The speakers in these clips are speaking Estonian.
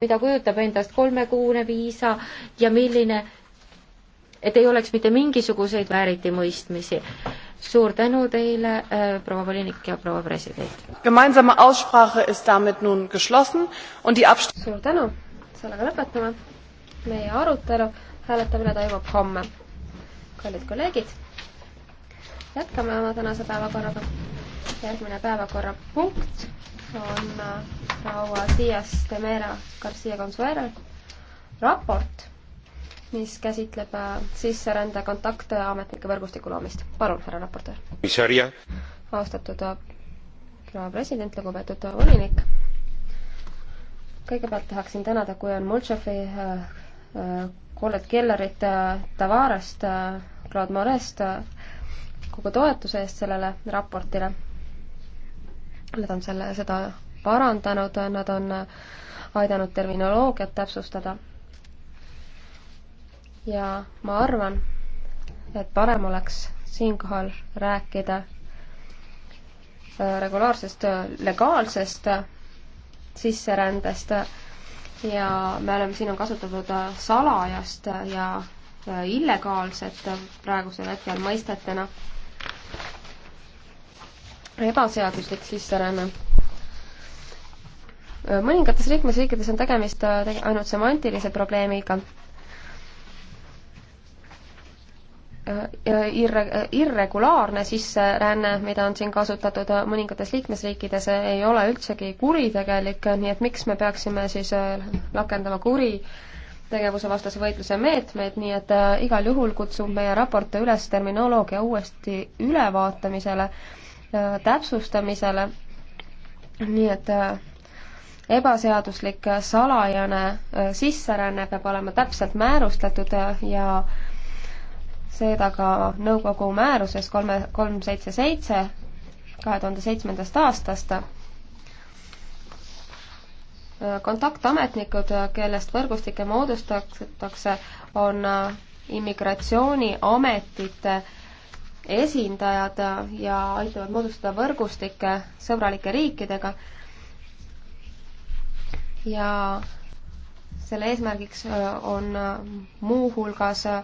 mida kujutab endast kolmekuune viisa ja milline, et ei oleks mitte mingisuguseid vääritimõistmisi. suur tänu teile äh,, proua volinik ja proua president. Gemeinsame Aussprache ist damit nun geschlossen und die abst-. suur tänu, sellega lõpetame meie arutelu, hääletamine toimub homme. kallid kolleegid, jätkame oma tänase päevakorraga. järgmine päevakorrapunkt on äh, proua Dias de Mera Garcia Consueral raport, mis käsitleb äh, sisserände kontakte ametnike võrgustiku loomist. palun, härra raportöör. austatud äh, proua president, lugupeetud äh, volinik. kõigepealt tahaksin tänada, kui on Multšefi äh, äh, Collet Kellerit, Tavarest, Claude Morest kogu toetuse eest sellele raportile. Nad on selle, seda parandanud, nad on aidanud terminoloogiat täpsustada. ja ma arvan, et parem oleks siinkohal rääkida äh, regulaarsest äh, legaalsest äh, sisserändest ja me oleme, siin on kasutatud salajast ja illegaalset praegusel hetkel mõistetena ebaseaduslik sisseränne mõningates liikmesriikides on tegemist äh, ainult semantilise probleemiga äh, irre-, äh, irregulaarne sisseränne, mida on siin kasutatud mõningates liikmesriikides, ei ole üldsegi kuritegelik, nii et miks me peaksime siis rakendama kuri tegevuse vastase võitluse meetmeid, nii et igal juhul kutsub meie raport üles terminoloogia uuesti ülevaatamisele, täpsustamisele, nii et ebaseaduslik salajane äh, sisseränne peab olema täpselt määrustatud ja seda ka nõukogu määruses kolme, kolm seitse seitse kahe tuhande seitsmendast aastast. Äh, kontaktametnikud, äh, kellest võrgustikke moodustatakse, on immigratsiooniametite esindajad ja aitavad moodustada võrgustikke sõbralike riikidega ja selle eesmärgiks äh, on äh, muuhulgas äh,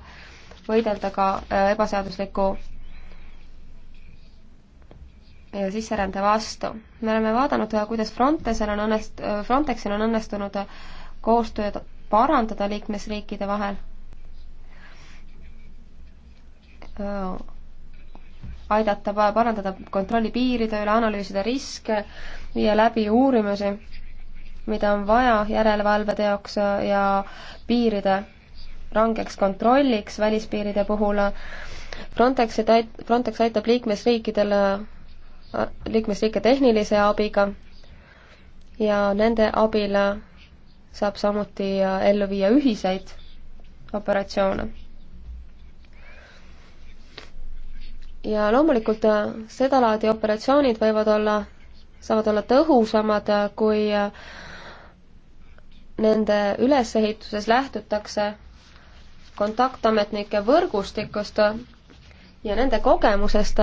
võidelda ka ebaseadusliku sisserände vastu. me oleme vaadanud, kuidas Frontexil on õnnest-, Frontexil on õnnestunud koostööd parandada liikmesriikide vahel, aidata parandada kontrolli piiride üle, analüüsida riske, viia läbi uurimusi mida on vaja järelevalve teoks ja piiride rangeks kontrolliks välispiiride puhul. Frontexi täit-, Frontex aitab liikmesriikidele, liikmesriike tehnilise abiga ja nende abil saab samuti ellu viia ühiseid operatsioone. ja loomulikult äh, sedalaadi operatsioonid võivad olla, saavad olla tõhusamad, äh, kui äh, nende ülesehituses lähtutakse kontaktametnike võrgustikust ja nende kogemusest.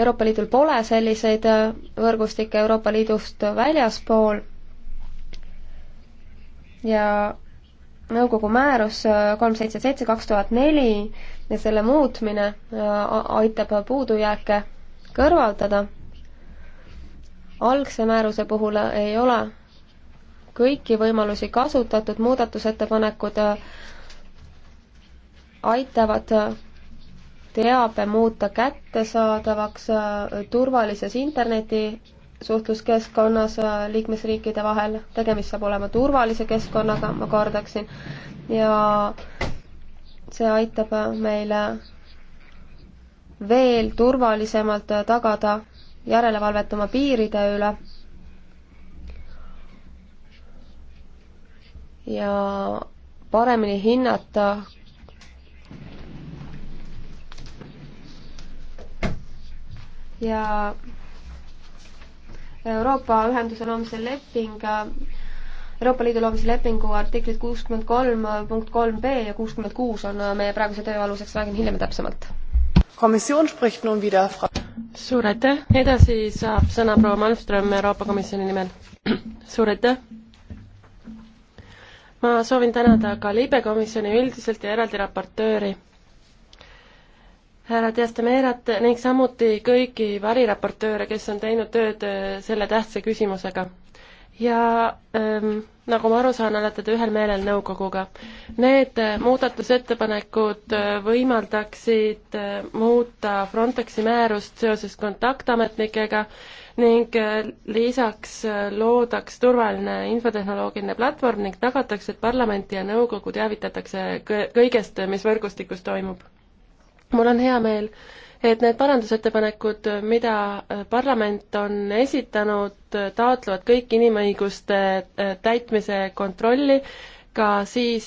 Euroopa Liidul pole selliseid võrgustikke Euroopa Liidust väljaspool ja nõukogu määrus kolm seitse seitse kaks tuhat neli ja selle muutmine äh, aitab puudujääke kõrvaldada. algse määruse puhul ei ole kõiki võimalusi kasutatud, muudatusettepanekud äh, aitavad äh, teabe muuta kättesaadavaks äh, turvalises interneti suhtluskeskkonnas liikmesriikide vahel, tegemist saab olema turvalise keskkonnaga, ma kordaksin, ja see aitab meile veel turvalisemalt tagada järelevalvet oma piiride üle ja paremini hinnata ja Euroopa Ühenduse loomise leping, Euroopa Liidu loomise lepingu artiklid kuuskümmend kolm punkt kolm B ja kuuskümmend kuus on meie praeguse töö aluseks, räägin hiljem täpsemalt. komisjon spricht nun wieder fra-. suur aitäh, edasi saab sõna proua Malmström Euroopa Komisjoni nimel. suur aitäh ma soovin tänada ka libekomisjoni üldiselt ja eraldi raportööri härra Diastemeerat ning samuti kõiki variraportööre, kes on teinud tööd äh, selle tähtsa küsimusega. ja ähm, nagu ma aru saan, olete te ühel meelel nõukoguga. Need äh, muudatusettepanekud äh, võimaldaksid muuta Frontexi määrust seoses kontaktametnikega äh, ning äh, lisaks äh, loodaks turvaline infotehnoloogiline platvorm ning tagatakse, et parlamenti ja nõukogu teavitatakse kõigest, mis võrgustikus toimub. mul on hea meel, et need parandusettepanekud, mida äh, parlament on esitanud, taotlevad kõik inimõiguste täitmise kontrolli ka siis,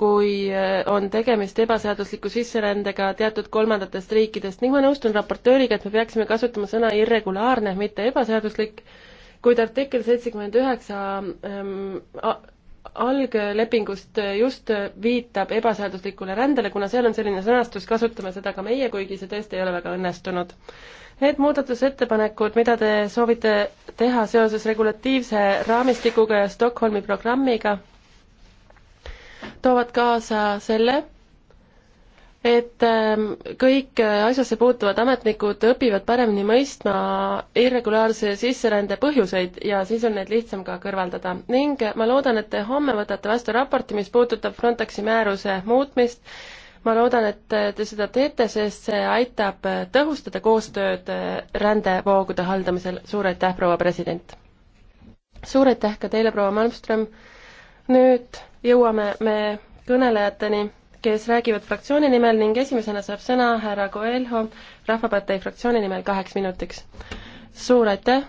kui eh, on tegemist ebaseadusliku sisserändega teatud kolmandatest riikidest ning ma nõustun raportööriga, et me peaksime kasutama sõna irregulaarne, mitte ebaseaduslik, kuid artikkel seitsekümmend üheksa ehm, alglepingust just viitab ebaseaduslikule rändele, kuna seal on selline sõnastus, kasutame seda ka meie, kuigi see tõesti ei ole väga õnnestunud. Need muudatusettepanekud, mida te soovite teha seoses regulatiivse raamistikuga ja Stockholmi programmiga, toovad kaasa selle, et ähm, kõik asjasse puutuvad ametnikud õpivad paremini mõistma irregulaarse sisserände põhjuseid ja siis on neid lihtsam ka kõrvaldada. ning ma loodan, et te homme võtate vastu raporti, mis puudutab Frontexi määruse muutmist. ma loodan, et te seda teete, sest see aitab tõhustada koostööd rändevoogude haldamisel. suur aitäh, proua president! suur aitäh ka teile, proua Malmström! nüüd jõuame me kõnelejateni, kes räägivad fraktsiooni nimel ning esimesena saab sõna härra Coelho Rahvapartei fraktsiooni nimel kaheks minutiks. suur aitäh,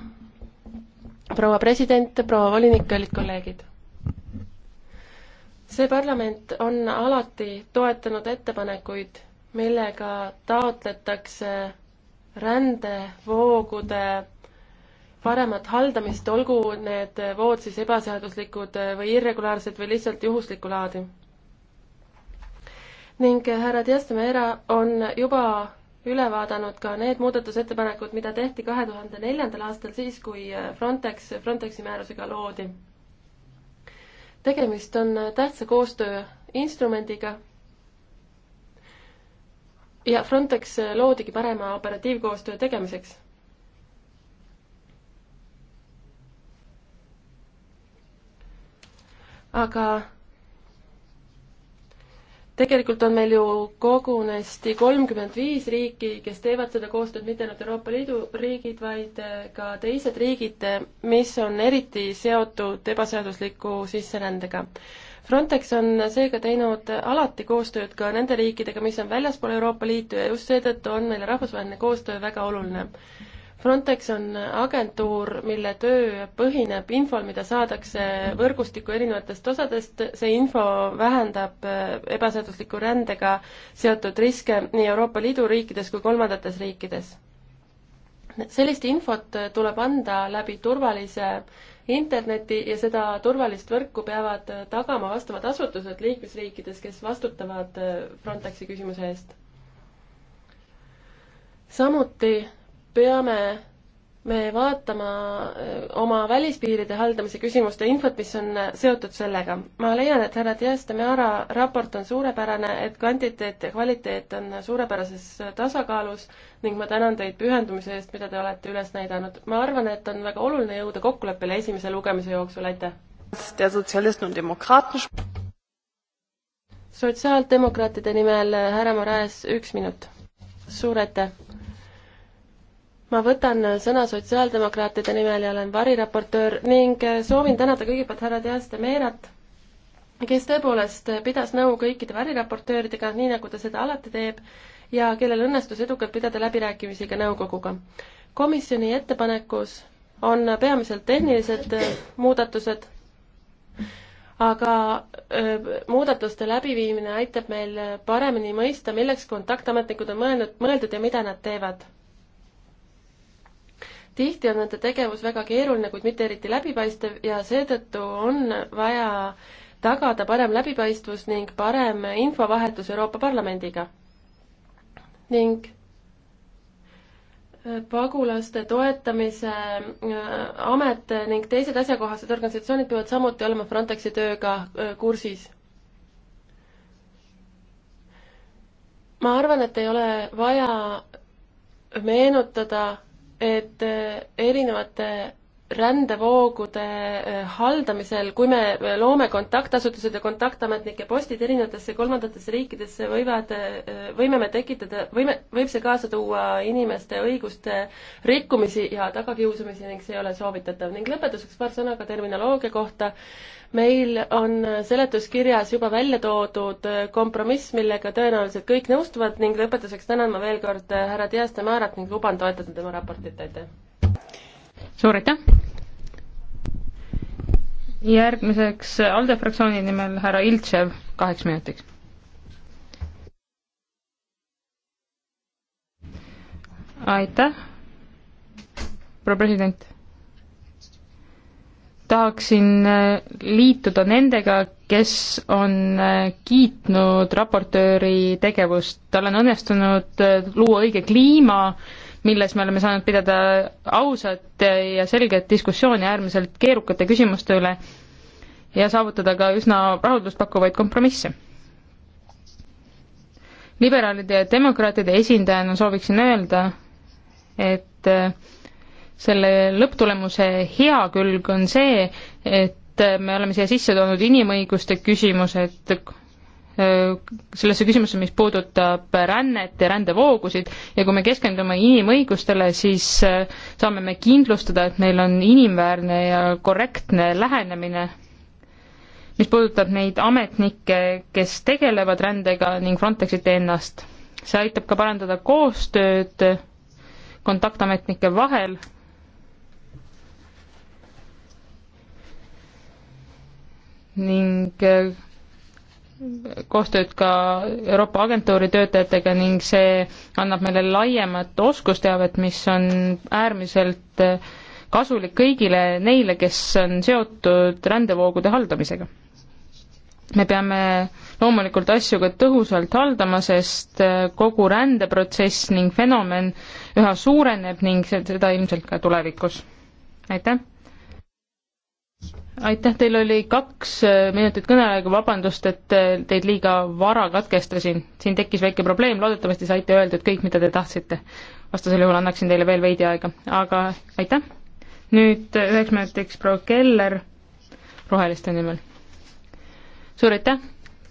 proua president, proua volinik, kallid kolleegid! see parlament on alati toetanud ettepanekuid, millega taotletakse rändevoogude paremat haldamist, olgu need vood siis ebaseaduslikud või irregulaarsed või lihtsalt juhuslikku laadi. ning härra Diestemera on juba üle vaadanud ka need muudatusettepanekud, mida tehti kahe tuhande neljandal aastal, siis kui Frontex, Frontexi määrusega loodi. tegemist on tähtsa koostöö instrumendiga ja Frontex loodigi parema operatiivkoostöö tegemiseks aga tegelikult on meil ju kogunesti kolmkümmend viis riiki, kes teevad seda koostööd, mitte ainult Euroopa Liidu riigid, vaid äh, ka teised riigid, äh, mis on eriti seotud ebaseadusliku sisserändega. Frontex on seega teinud alati koostööd ka nende riikidega, mis on väljaspool Euroopa Liitu ja just seetõttu on meile rahvusvaheline koostöö väga oluline Frontex on agentuur, mille töö põhineb infol, mida saadakse võrgustiku erinevatest osadest, see info vähendab äh, ebaseadusliku rändega seotud riske nii Euroopa Liidu riikides kui kolmandates riikides. sellist infot tuleb anda läbi turvalise interneti ja seda turvalist võrku peavad tagama vastavad asutused liikmesriikides, kes vastutavad äh, Frontexi küsimuse eest. samuti peame me vaatama äh, oma välispiiride haldamise küsimuste infot, mis on äh, seotud sellega. ma leian, et härra Dias de Meara raport on suurepärane, et kvantiteet ja kvaliteet on suurepärases äh, tasakaalus ning ma tänan teid pühendumise eest, mida te olete üles näidanud. ma arvan, et on väga oluline jõuda kokkuleppele esimese lugemise jooksul, aitäh! sotsiaaldemokraatide nimel härra Moraes, üks minut. suur aitäh! ma võtan sõna sotsiaaldemokraatide nimel ja olen variraportöör ning äh, soovin tänada kõigepealt härra Dias de Meirat, kes tõepoolest pidas nõu kõikide variraportööridega, nii nagu ta seda alati teeb, ja kellel õnnestus edukalt pidada läbirääkimisi ka nõukoguga. komisjoni ettepanekus on peamiselt tehnilised äh, muudatused, aga öö, äh, muudatuste läbiviimine aitab meil paremini mõista, milleks kontaktametnikud on mõelnud, mõeldud ja mida nad teevad tihti on nende tegevus väga keeruline, kuid mitte eriti läbipaistev ja seetõttu on vaja tagada parem läbipaistvus ning parem infovahetus Euroopa Parlamendiga. ning äh, pagulaste toetamise äh, amet ning teised asjakohased organisatsioonid peavad samuti olema Frontexi tööga äh, kursis. ma arvan, et ei ole vaja meenutada et äh, erinevate rändevoogude äh, haldamisel, kui me äh, loome kontaktasutused ja kontaktametnike postid erinevatesse kolmandatesse riikidesse, võivad, äh, võime me tekitada, võime, võib see kaasa tuua inimeste õiguste rikkumisi ja tagakiusamisi ning see ei ole soovitatav. ning lõpetuseks paar sõna ka terminoloogia kohta. meil on seletuskirjas juba välja toodud kompromiss, millega tõenäoliselt kõik nõustuvad ning lõpetuseks tänan ma veel kord härra Dias de Marat ning luban toetada tema raportit, aitäh! suur aitäh! järgmiseks ALDE fraktsiooni nimel härra Iltšev kaheks minutiks. aitäh, proua president. tahaksin äh, liituda nendega, kes on äh, kiitnud raportööri tegevust, tal on õnnestunud äh, luua õige kliima äh, milles me oleme saanud pidada ausat ja selget diskussiooni äärmiselt keerukate küsimuste üle ja saavutada ka üsna rahuldustpakkuvaid kompromisse. liberaalide ja demokraatide esindajana sooviksin öelda, et äh, selle lõpptulemuse hea külg on see, et äh, me oleme siia sisse toonud inimõiguste küsimused, Äh, sellesse küsimusse, mis puudutab rännet ja rändevoogusid ja kui me keskendume inimõigustele, siis äh, saame me kindlustada, et meil on inimväärne ja korrektne lähenemine, mis puudutab neid ametnikke, kes tegelevad rändega ning Frontexit ennast. see aitab ka parandada koostööd kontaktametnike vahel ning äh, koostööd ka Euroopa agentuuri töötajatega ning see annab meile laiemat oskusteavet, mis on äärmiselt kasulik kõigile neile, kes on seotud rändevoogude haldamisega. me peame loomulikult asju ka tõhusalt haldama, sest kogu rändeprotsess ning fenomen üha suureneb ning seda ilmselt ka tulevikus. aitäh! aitäh, teil oli kaks äh, minutit kõneaega, vabandust, et äh, teid liiga vara katkestasin. siin tekkis väike probleem, loodetavasti saite öeldud kõik, mida te tahtsite. vastasel juhul annaksin teile veel veidi aega, aga aitäh. nüüd äh, üheks minutiks proua Keller Roheliste nimel. suur aitäh,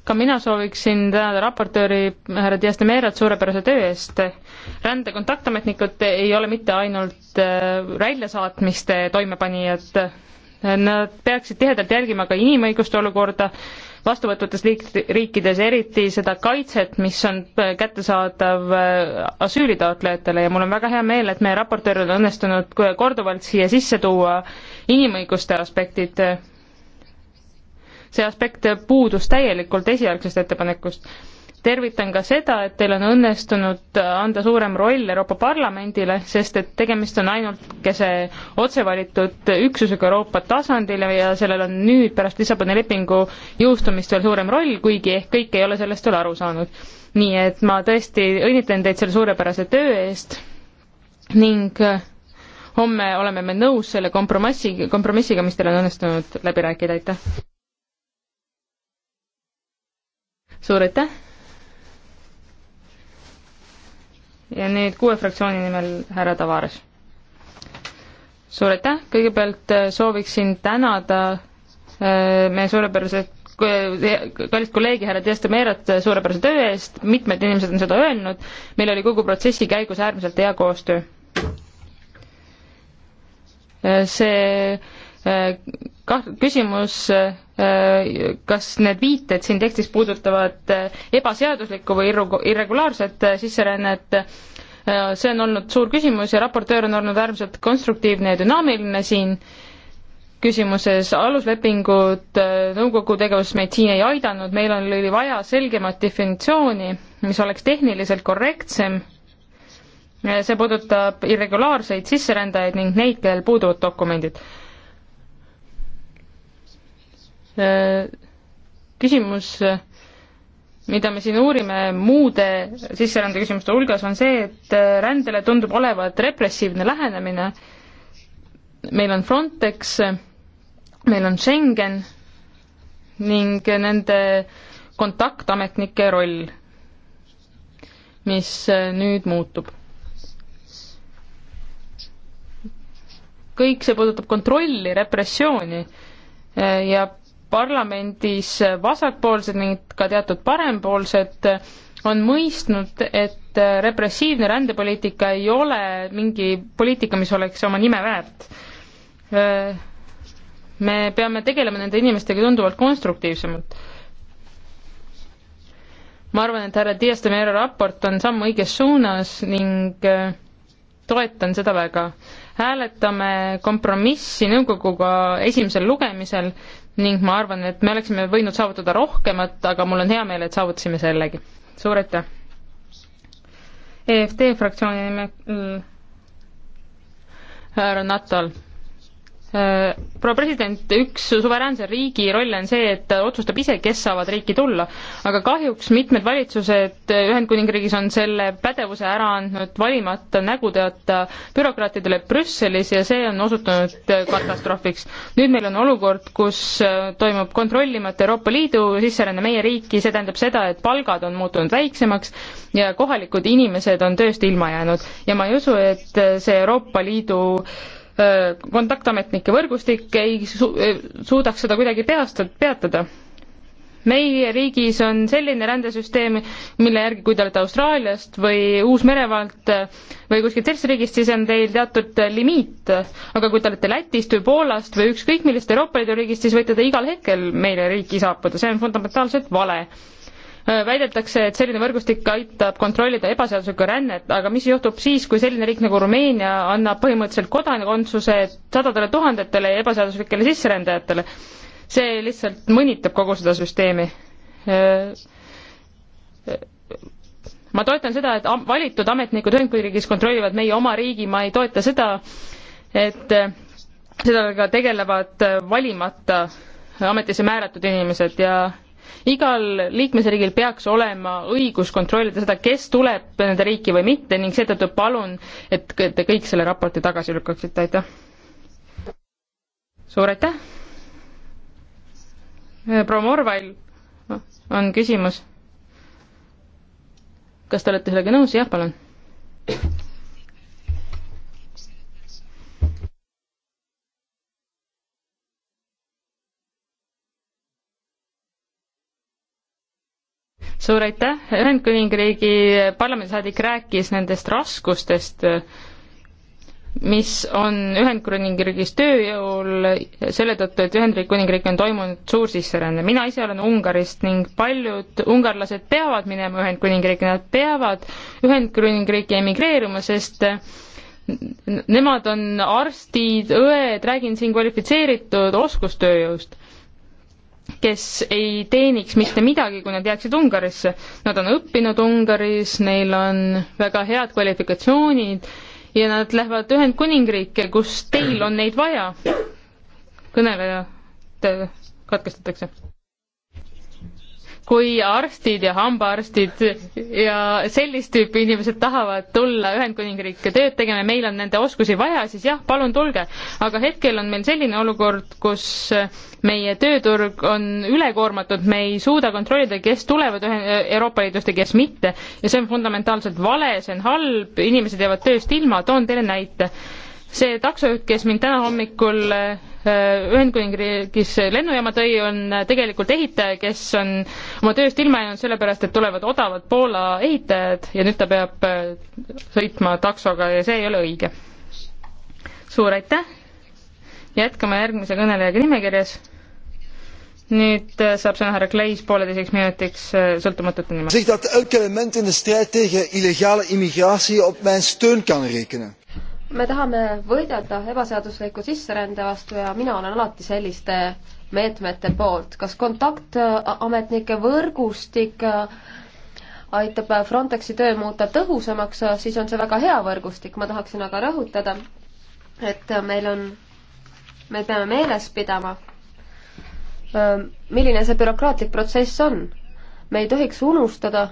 ka mina sooviksin tänada raportööri härra Dias de Meerat suurepärase töö eest. rände kontaktametnikud ei ole mitte ainult väljasaatmiste toimepanijad, Nad peaksid tihedalt jälgima ka inimõiguste olukorda vastuvõtvates riikides, eriti seda kaitset, mis on äh, kättesaadav äh, asüülitaotlejatele ja mul on väga hea meel, et meie raportööril on õnnestunud korduvalt siia sisse tuua inimõiguste aspektid. see aspekt puudus täielikult esialgsest ettepanekust tervitan ka seda, et teil on õnnestunud äh, anda suurem roll Euroopa Parlamendile, sest et tegemist on ainukese otsevalitud üksusega Euroopa tasandil ja sellel on nüüd pärast Lissaboni lepingu jõustumist veel suurem roll, kuigi ehk kõik ei ole sellest veel aru saanud. nii et ma tõesti õnnitlen teid selle suurepärase töö eest ning äh, homme oleme me nõus selle kompromissi, kompromissiga, mis teil on õnnestunud läbi rääkida, aitäh! suur aitäh! ja nüüd kuue fraktsiooni nimel härra Tavares. suur aitäh, kõigepealt äh, sooviksin tänada äh, meie suurepäraset äh, kallist kolleegi härra Tieste Meerat suurepärase töö eest, mitmed inimesed on seda öelnud, meil oli kogu protsessi käigus äärmiselt hea koostöö. see kah-, küsimus, äh, kas need viited siin tekstis puudutavad äh, ebaseaduslikku või irru-, irregulaarset äh, sisserännet, see on olnud suur küsimus ja raportöör on olnud äärmiselt konstruktiivne ja dünaamiline siin küsimuses, aluslepingud, nõukogu tegevus meid siin ei aidanud, meil on, oli vaja selgemat definitsiooni, mis oleks tehniliselt korrektsem, see puudutab irregulaarseid sisserändajaid ning neid, kellel puuduvad dokumendid küsimus, mida me siin uurime muude sisserände küsimuste hulgas, on see, et rändele tundub olevat repressiivne lähenemine. meil on Frontex, meil on Schengen ning nende kontaktametnike roll, mis nüüd muutub kõik see puudutab kontrolli, repressiooni ja parlamendis vasakpoolsed ning ka teatud parempoolsed on mõistnud, et repressiivne rändepoliitika ei ole mingi poliitika, mis oleks oma nime väärt. me peame tegelema nende inimestega tunduvalt konstruktiivsemalt. ma arvan, et härra Dias de Mero raport on samm õiges suunas ning äh, toetan seda väga. hääletame kompromissi nõukoguga esimesel lugemisel ning ma arvan, et me oleksime võinud saavutada rohkemat, aga mul on hea meel, et saavutasime sellegi. suur aitäh! EFD fraktsiooni nimel äh, härra Natal Äh, proua president, üks suveräänse riigi rolle on see, et ta otsustab ise, kes saavad riiki tulla. aga kahjuks mitmed valitsused Ühendkuningriigis on selle pädevuse ära andnud valimata nägu teata bürokraatidele Brüsselis ja see on osutunud äh, katastroofiks. nüüd meil on olukord, kus äh, toimub kontrollimata Euroopa Liidu sisseränne meie riiki, see tähendab seda, et palgad on muutunud väiksemaks ja kohalikud inimesed on tööst ilma jäänud ja ma ei usu, et see Euroopa Liidu kontaktametnike võrgustik ei su suudaks seda kuidagi peastada, peatada. meie riigis on selline rändesüsteem, mille järgi, kui te olete Austraaliast või Uus-Meremaalt või kuskilt sellisest riigist, siis on teil teatud limiit, aga kui te olete Lätist või Poolast või ükskõik millisest Euroopa Liidu riigist, siis võite te igal hetkel meile riiki saabuda, see on fundamentaalselt vale Äh, väidetakse, et selline võrgustik aitab kontrollida ebaseaduslikku rännet, aga mis juhtub siis, kui selline riik nagu Rumeenia annab põhimõtteliselt kodakondsuse sadadele tuhandetele ebaseaduslikele sisserändajatele? see lihtsalt mõnitab kogu seda süsteemi. Äh, äh, ma toetan seda, et valitud ametnikud Ühendkuningriigis kontrollivad meie oma riigi, ma ei toeta seda, et sellega tegelevad valimata ametisse määratud inimesed ja igal liikmesriigil peaks olema õigus kontrollida seda, kes tuleb nende riiki või mitte ning seetõttu palun, et te kõik selle raporti tagasi lükkaksite, aitäh. suur aitäh. Äh, proua Morvail on küsimus. kas te olete sellega nõus? jah, palun suur aitäh, Ühendkuningriigi parlamendisaadik rääkis nendest raskustest, mis on Ühendkuningriigis tööjõul selle tõttu, et Ühendkuningriik on toimunud suursisseränne. mina ise olen Ungarist ning paljud ungarlased peavad minema Ühendkuningriiki, nad peavad Ühendkuningriiki emigreeruma, sest nemad on arstid, õed, räägin siin kvalifitseeritud oskustööjõust kes ei teeniks mitte midagi, kui nad jääksid Ungarisse. Nad on õppinud Ungaris, neil on väga head kvalifikatsioonid ja nad lähevad Ühendkuningriiki, kus teil on neid vaja. kõneleja katkestatakse kui arstid ja hambaarstid ja sellist tüüpi inimesed tahavad tulla Ühendkuningriiki tööd tegema ja meil on nende oskusi vaja, siis jah, palun tulge. aga hetkel on meil selline olukord, kus meie tööturg on ülekoormatud, me ei suuda kontrollida, kes tulevad Euroopa Liidust ja kes mitte ja see on fundamentaalselt vale, see on halb, inimesed jäävad tööst ilma, toon teile näite see taksojuht, kes mind täna hommikul äh, Ühendkuningriigis lennujaama tõi, on äh, tegelikult ehitaja, kes on oma tööst ilma jäänud sellepärast, et tulevad odavad Poola ehitajad ja nüüd ta peab äh, sõitma taksoga ja see ei ole õige. suur aitäh! jätkame järgmise kõnelejaga nimekirjas. nüüd saab sõna härra Kleis pooleteiseks minutiks sõltumatute nimel me tahame võidelda ebaseadusliku sisserände vastu ja mina olen alati selliste meetmete poolt. kas kontaktametnike võrgustik äh, aitab äh, Frontexi töö muuta tõhusamaks, äh, siis on see väga hea võrgustik, ma tahaksin aga rõhutada, et meil on, me peame meeles pidama, milline see bürokraatlik protsess on. me ei tohiks unustada,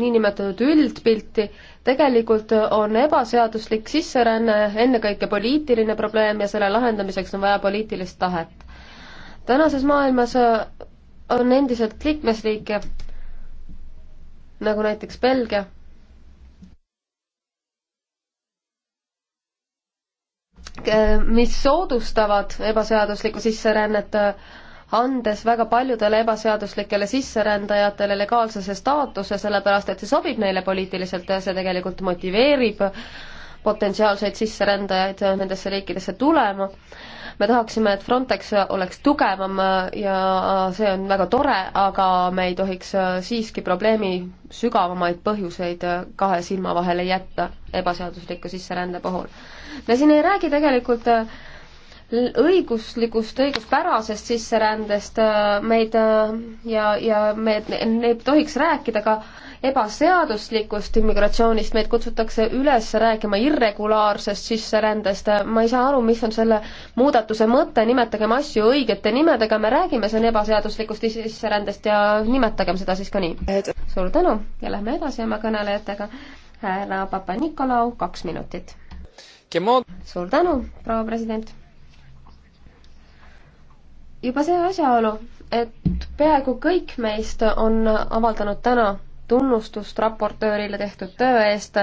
niinimetatud üldpilti, tegelikult on ebaseaduslik sisseränne ennekõike poliitiline probleem ja selle lahendamiseks on vaja poliitilist tahet. tänases maailmas äh, on endiselt liikmesriike, nagu näiteks Belgia, äh, mis soodustavad ebaseaduslikku sisserännet äh, andes väga paljudele ebaseaduslikele sisserändajatele legaalsuse staatuse, sellepärast et see sobib neile poliitiliselt ja see tegelikult motiveerib potentsiaalseid sisserändajaid nendesse riikidesse tulema. me tahaksime, et Frontex oleks tugevam ja see on väga tore, aga me ei tohiks siiski probleemi sügavamaid põhjuseid kahe silma vahele jätta ebaseadusliku sisserände puhul. me siin ei räägi tegelikult õiguslikust, õiguspärasest sisserändest äh, meid äh, ja, ja me ei tohiks rääkida ka ebaseaduslikust immigratsioonist, meid kutsutakse üles rääkima irregulaarsest sisserändest, ma ei saa aru, mis on selle muudatuse mõte, nimetagem asju õigete nimedega, me räägime siin ebaseaduslikust sisserändest ja nimetagem seda siis ka nii. suur tänu ja lähme edasi oma kõnelejatega. härra Papa-Nikolau, kaks minutit. suur tänu, proua president juba see asjaolu, et peaaegu kõik meist on avaldanud täna tunnustust raportöörile tehtud töö eest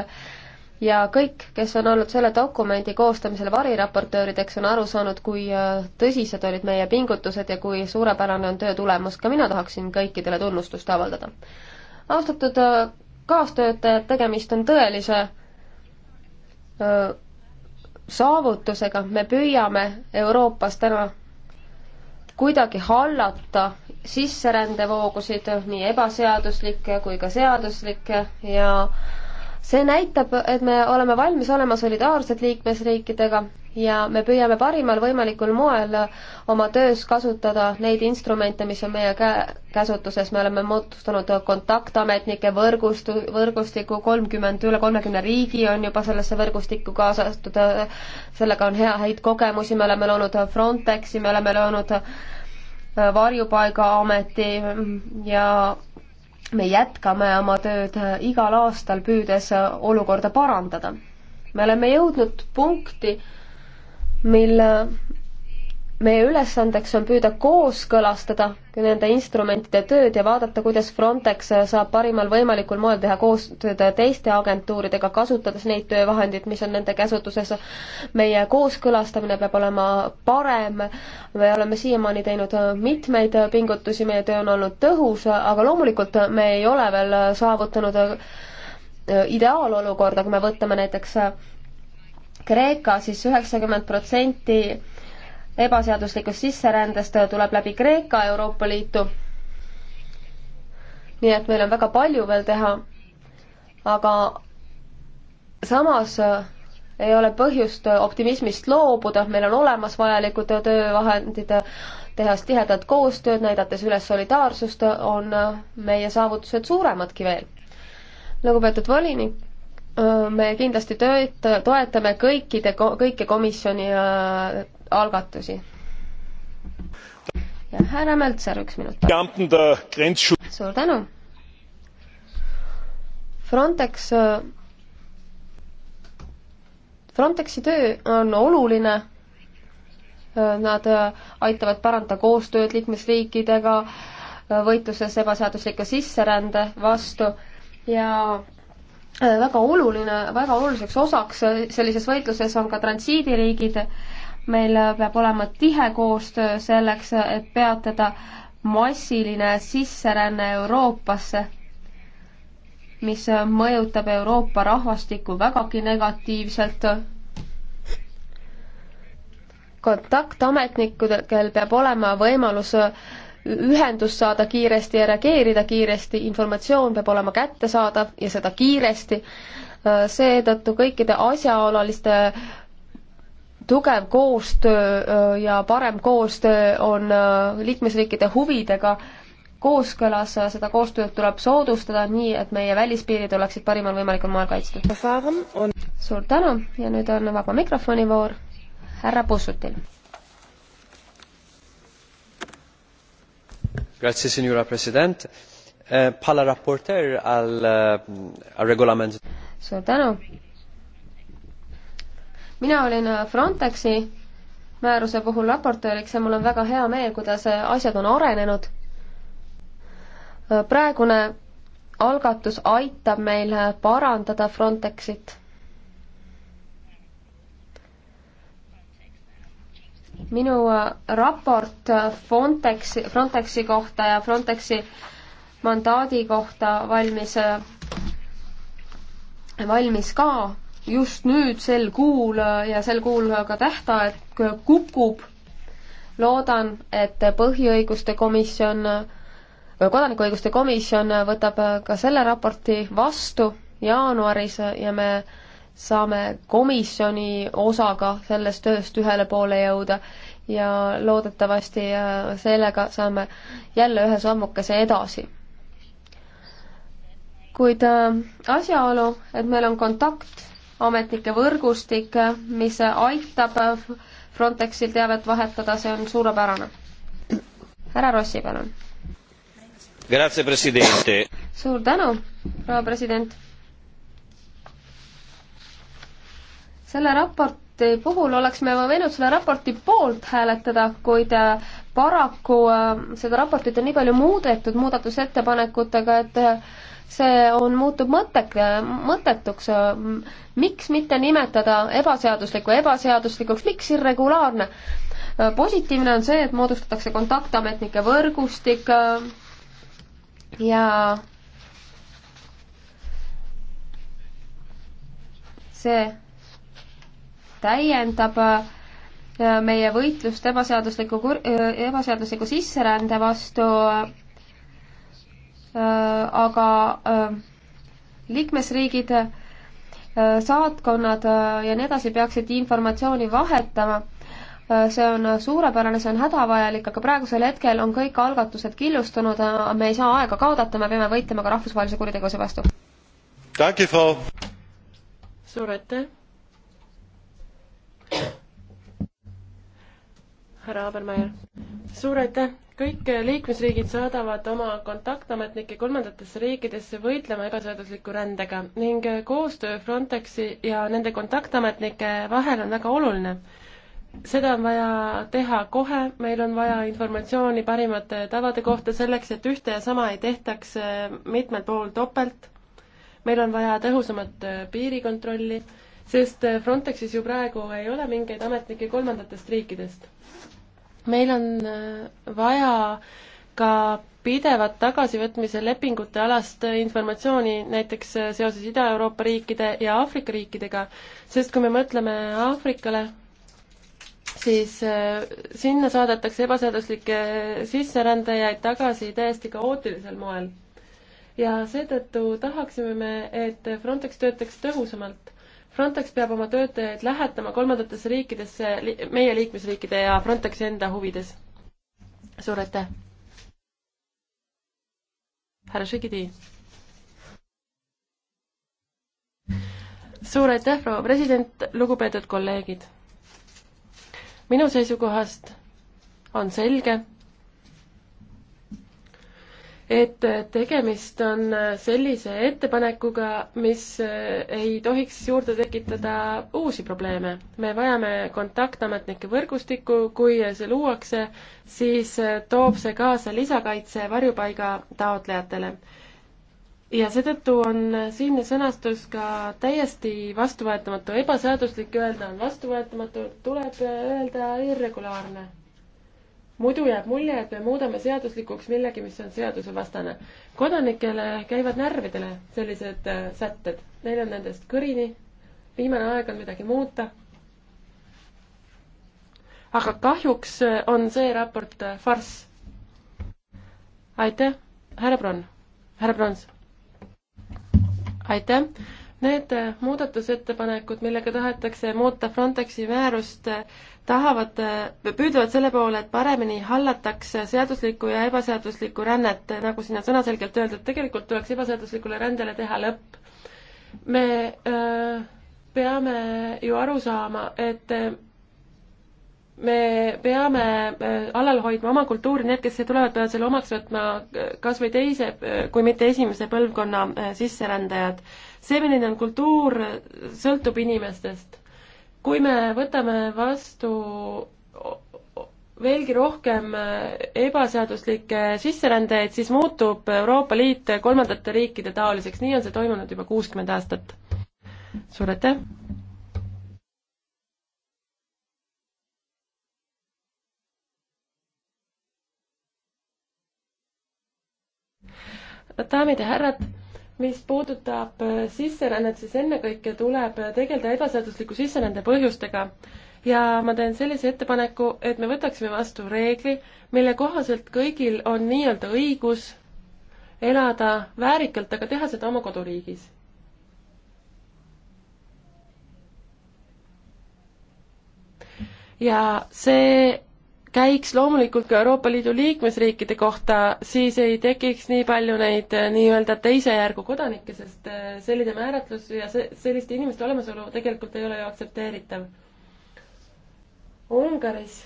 ja kõik, kes on olnud selle dokumendi koostamisel variraportöörideks, on aru saanud, kui äh, tõsised olid meie pingutused ja kui suurepärane on töö tulemus. ka mina tahaksin kõikidele tunnustust avaldada. austatud äh, kaastöötajad, tegemist on tõelise öö, äh, saavutusega, me püüame Euroopas täna kuidagi hallata sisserändevoogusid, nii ebaseaduslikke kui ka seaduslikke ja see näitab, et me oleme valmis olema solidaarsed liikmesriikidega ja me püüame parimal võimalikul moel oma töös kasutada neid instrumente, mis on meie käe, käsutuses, me oleme moodustanud kontaktametnike võrgustu, võrgustiku, kolmkümmend, üle kolmekümne riigi on juba sellesse võrgustikku kaasatud, sellega on hea, häid kogemusi, me oleme loonud Frontexi, me oleme loonud varjupaigaameti ja me jätkame oma tööd igal aastal, püüdes olukorda parandada. me oleme jõudnud punkti, mille meie ülesandeks on püüda kooskõlastada nende instrumentide tööd ja vaadata, kuidas Frontex saab parimal võimalikul moel teha koostööd teiste agentuuridega, kasutades neid töövahendeid, mis on nende käsutuses. meie kooskõlastamine peab olema parem, me oleme siiamaani teinud mitmeid pingutusi, meie töö on olnud tõhus, aga loomulikult me ei ole veel saavutanud ideaalolukorda, kui me võtame näiteks Kreeka siis, siis üheksakümmend protsenti ebaseaduslikust sisserändest tuleb läbi Kreeka Euroopa Liitu. nii et meil on väga palju veel teha, aga samas äh, ei ole põhjust äh, optimismist loobuda, meil on olemas vajalikud äh, töövahendid, tehas tihedat koostööd, näidates üles solidaarsust, on meie saavutused suuremadki veel. lugupeetud volinik me kindlasti tööt-, toetame kõikide, kõiki komisjoni algatusi. ja härra Möltser, üks minut. suur tänu. Frontex, Frontexi töö on oluline. Nad aitavad parandada koostööd liikmesriikidega võitluses ebaseadusliku sisserände vastu ja Äh, väga oluline, väga oluliseks osaks äh, sellises võitluses on ka transiidiriigid. meil äh, peab olema tihe koostöö selleks, et peatada massiline sisseränne Euroopasse, mis mõjutab Euroopa rahvastikku vägagi negatiivselt. kontaktametnikudel peab olema võimalus ühendust saada kiiresti ja reageerida kiiresti, informatsioon peab olema kättesaadav ja seda kiiresti. seetõttu kõikide asjaolaliste tugev koostöö ja parem koostöö on liikmesriikide huvidega kooskõlas, seda koostööd tuleb soodustada nii, et meie välispiirid oleksid parimal võimalikul moel kaitstud. suur tänu ja nüüd on vaba mikrofoni voor härra Pussutil bħala eh, rapporteur għal eh, regolament. suur tänu. mina olin eh, Frontexi määruse puhul raportööriks ja mul on väga hea meel, kuidas asjad on arenenud. praegune algatus aitab meil parandada Frontexit minu äh, raport äh, Frontexi, Frontexi kohta ja Frontexi mandaadi kohta valmis, äh, valmis ka just nüüd sel kuul ja sel kuul ka tähtaeg kukub. loodan, et põhiõiguste komisjon, kodanikuõiguste komisjon võtab ka selle raporti vastu jaanuaris ja me saame komisjoni osaga sellest tööst ühele poole jõuda ja loodetavasti äh, sellega saame jälle ühe sammukese edasi. kuid äh, asjaolu, et meil on kontakt, ametnike võrgustik, äh, mis aitab Frontexil teavet vahetada, see on suurepärane. härra Rossi, palun. suur tänu, proua president selle raporti puhul oleks me võinud selle raporti poolt hääletada, kuid äh, paraku äh, seda raportit on nii palju muudetud muudatusettepanekutega, et äh, see on, muutub mõttek-, mõttetuks. miks mitte nimetada ebaseaduslikku ebaseaduslikuks, miks irregulaarne? positiivne on see, et moodustatakse kontaktametnike võrgustik ja see täiendab äh, meie võitlust ebaseadusliku, äh, ebaseadusliku sisserände vastu, äh, aga liikmesriigid, saatkonnad ja nii edasi peaksid informatsiooni vahetama see on suurepärane, see on hädavajalik, aga praegusel hetkel on kõik algatused killustunud, me ei saa aega kaotada, me peame võitlema ka rahvusvahelise kuritegevuse vastu. suur aitäh! härra Abermeier. suur aitäh! kõik liikmesriigid saadavad oma kontaktametnikke kolmandatesse riikidesse võitlema ebaseadusliku rändega ning koostöö Frontexi ja nende kontaktametnike vahel on väga oluline. seda on vaja teha kohe, meil on vaja informatsiooni parimate tavade kohta selleks, et ühte ja sama ei tehtaks eh, mitmel pool topelt. meil on vaja tõhusamat eh, piirikontrolli sest Frontexis ju praegu ei ole mingeid ametnikke kolmandatest riikidest. meil on äh, vaja ka pidevat tagasivõtmise lepingute alast informatsiooni näiteks äh, seoses Ida-Euroopa riikide ja Aafrika riikidega, sest kui me mõtleme Aafrikale, siis äh, sinna saadetakse ebaseaduslikke sisserändajaid tagasi täiesti kaootilisel moel. ja seetõttu tahaksime me, et Frontex töötaks tõhusamalt Frontex peab oma töötajaid lähetama kolmandatesse riikidesse li meie liikmesriikide ja Frontexi enda huvides. suur aitäh! härra Šegidi. suur aitäh, proua president, lugupeetud kolleegid! minu seisukohast on selge et tegemist on sellise ettepanekuga, mis ei tohiks juurde tekitada uusi probleeme. me vajame kontaktametnike võrgustikku, kui see luuakse, siis toob see kaasa lisakaitse varjupaiga taotlejatele. ja seetõttu on siinne sõnastus ka täiesti vastuvõetamatu, ebaseaduslik öelda on vastuvõetamatu, tuleb öelda irregulaarne muidu jääb mulje, et me muudame seaduslikuks millegi, mis on seadusevastane. kodanikele käivad närvidele sellised äh, sätted, neil on nendest kõrini, viimane aeg on midagi muuta. aga kahjuks äh, on see raport äh, farss. aitäh, härra Bronn, härra Brons. aitäh Need äh, muudatusettepanekud, millega tahetakse muuta Frontexi määrust, äh, tahavad, äh, püüdlevad selle poole, et paremini hallatakse seaduslikku ja ebaseaduslikku rännet, nagu siin on sõnaselgelt öeldud, tegelikult tuleks ebaseaduslikule rändele teha lõpp. me öö, peame ju aru saama, et me peame äh, alal hoidma oma kultuuri, need, kes siia tulevad, peavad selle omaks võtma äh, kas või teise, äh, kui mitte esimese põlvkonna sisserändajad. see, milline on kultuur, sõltub inimestest. kui me võtame vastu veelgi rohkem ebaseaduslikke sisserändajaid, siis muutub Euroopa Liit kolmandate riikide taoliseks, nii on see toimunud juba kuuskümmend aastat. suur aitäh! daamid ja härrad, mis puudutab äh, sisserännet, siis ennekõike tuleb tegeleda ebaseadusliku sisserände põhjustega. ja ma teen sellise ettepaneku, et me võtaksime vastu reegli, mille kohaselt kõigil on nii-öelda õigus elada väärikalt, aga teha seda oma koduriigis ja see käiks loomulikult ka Euroopa Liidu liikmesriikide kohta, siis ei tekiks nii palju neid äh, nii-öelda teise järgu kodanikke, sest äh, selline määratlus ja see, selliste inimeste olemasolu tegelikult ei ole ju aktsepteeritav. Ungaris,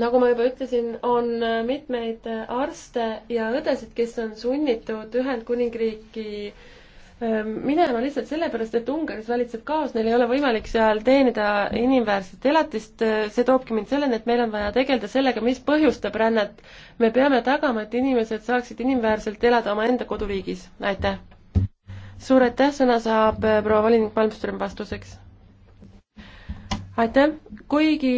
nagu ma juba ütlesin, on äh, mitmeid arste ja õdesid, kes on sunnitud Ühendkuningriiki äh, Ehm, minema lihtsalt sellepärast, et Ungaris valitseb kaos, neil ei ole võimalik seal teenida inimväärset elatist, ehm, see toobki mind selleni, et meil on vaja tegeleda sellega, mis põhjustab rännet. me peame tagama, et inimesed saaksid inimväärselt elada omaenda koduriigis, aitäh! suur aitäh, sõna saab ehm, proua volinik Malmström vastuseks. aitäh, kuigi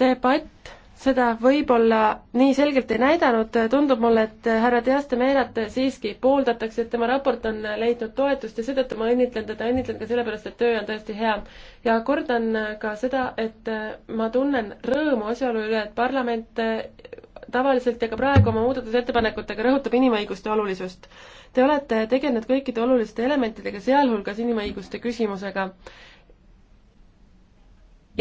debatt seda võib-olla nii selgelt ei näidanud, tundub mulle, et härra Teaste Meerat siiski pooldatakse, et tema raport on leidnud toetust ja seetõttu ma õnnitlen teda, õnnitlen ka sellepärast, et töö on tõesti hea. ja kordan ka seda, et ma tunnen rõõmu asjaolu üle, et parlament tavaliselt ja ka praegu oma muudatusettepanekutega rõhutab inimõiguste olulisust. Te olete tegelenud kõikide oluliste elementidega, sealhulgas inimõiguste küsimusega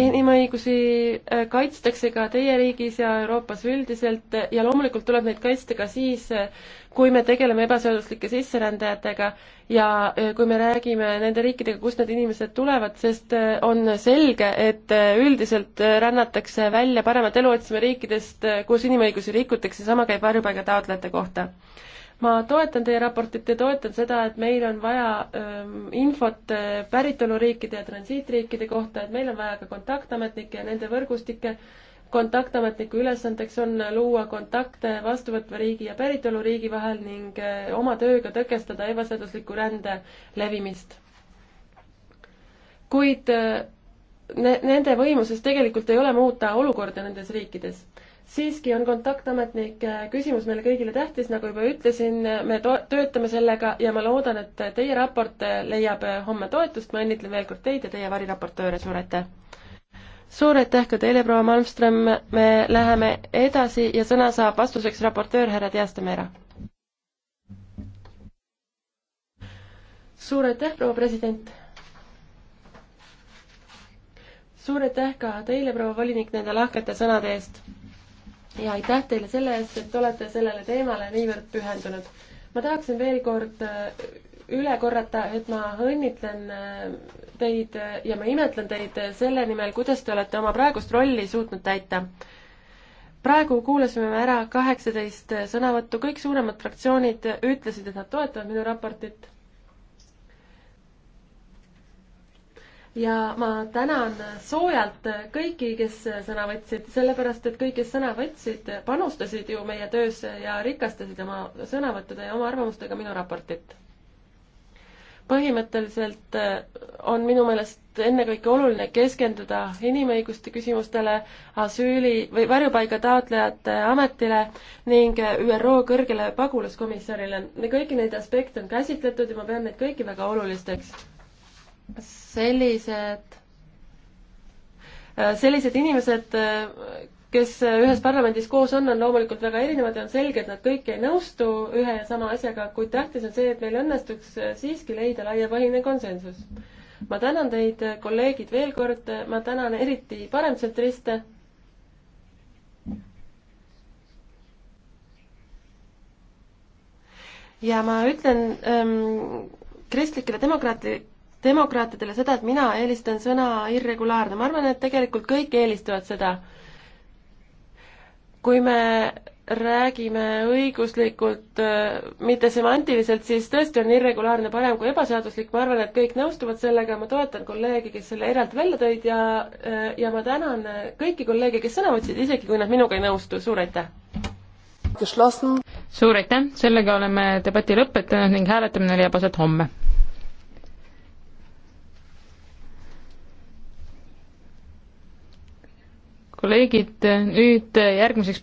inimõigusi äh, kaitstakse ka teie riigis ja Euroopas üldiselt äh, ja loomulikult tuleb neid kaitsta ka siis, äh, kui me tegeleme ebaseaduslike sisserändajatega ja kui me räägime nende riikidega, kust need inimesed tulevad, sest on selge, et üldiselt rännatakse välja paremat elu otsima riikidest, kus inimõigusi rikutakse, sama käib varjupaiga taotlejate kohta ma toetan teie raportit ja toetan seda, et meil on vaja ähm, infot äh, päritoluriikide ja transiitriikide kohta, et meil on vaja ka kontaktametnikke ja nende võrgustikke. kontaktametniku ülesandeks on luua kontakte vastuvõtva riigi ja päritoluriigi vahel ning äh, oma tööga tõkestada ebaseadusliku rände levimist. kuid äh, ne nende võimuses tegelikult ei ole muuta olukorda nendes riikides siiski on kontaktametnike äh, küsimus meile kõigile tähtis, nagu juba ütlesin, me töötame sellega ja ma loodan, et teie raport äh, leiab äh, homme toetust, ma õnnitlen veel kord teid ja teie variraportööre, suur aitäh! suur aitäh ka teile, proua Malmström, me läheme edasi ja sõna saab vastuseks raportöör härra Diastemera. suur aitäh, proua president! suur aitäh ka teile, proua volinik, nende lahkete sõnade eest ja aitäh teile selle eest, et olete sellele teemale niivõrd pühendunud. ma tahaksin veel kord äh, üle korrata, et ma õnnitlen äh, teid äh, ja ma imetlen teid selle nimel, kuidas te olete oma praegust rolli suutnud täita. praegu kuulasime ära kaheksateist sõnavõttu, kõik suuremad fraktsioonid ütlesid, et nad toetavad minu raportit ja ma tänan soojalt kõiki, kes sõna võtsid, sellepärast et kõik, kes sõna võtsid, panustasid ju meie töösse ja rikastasid oma sõnavõttude ja oma arvamustega minu raportit. põhimõtteliselt äh, on minu meelest ennekõike oluline keskenduda inimõiguste küsimustele, asüüli või varjupaiga taotlejate ametile ning ÜRO kõrgele pagulaskomissarile. kõiki neid aspekte on käsitletud ja ma pean neid kõiki väga olulisteks sellised, sellised inimesed, kes ühes parlamendis koos on, on loomulikult väga erinevad ja on selge, et nad kõik ei nõustu ühe ja sama asjaga, kuid tähtis on see, et meil õnnestuks siiski leida laiapõhine konsensus. ma tänan teid, kolleegid, veel kord, ma tänan eriti paremselt riste. ja ma ütlen ähm, kristlikele demokraatidele, demokraatidele seda, et mina eelistan sõna irregulaarne, ma arvan, et tegelikult kõik eelistavad seda. kui me räägime õiguslikult, äh, mitte semantiliselt, siis tõesti on irregulaarne parem kui ebaseaduslik, ma arvan, et kõik nõustuvad sellega, ma toetan kolleege, kes selle eraldi välja tõid ja, äh, ja ma tänan äh, kõiki kolleege, kes sõna võtsid, isegi kui nad minuga ei nõustu, suur aitäh! suur aitäh, sellega oleme debati lõpetanud ning hääletamine leiab aset homme kolleegid, nüüd järgmiseks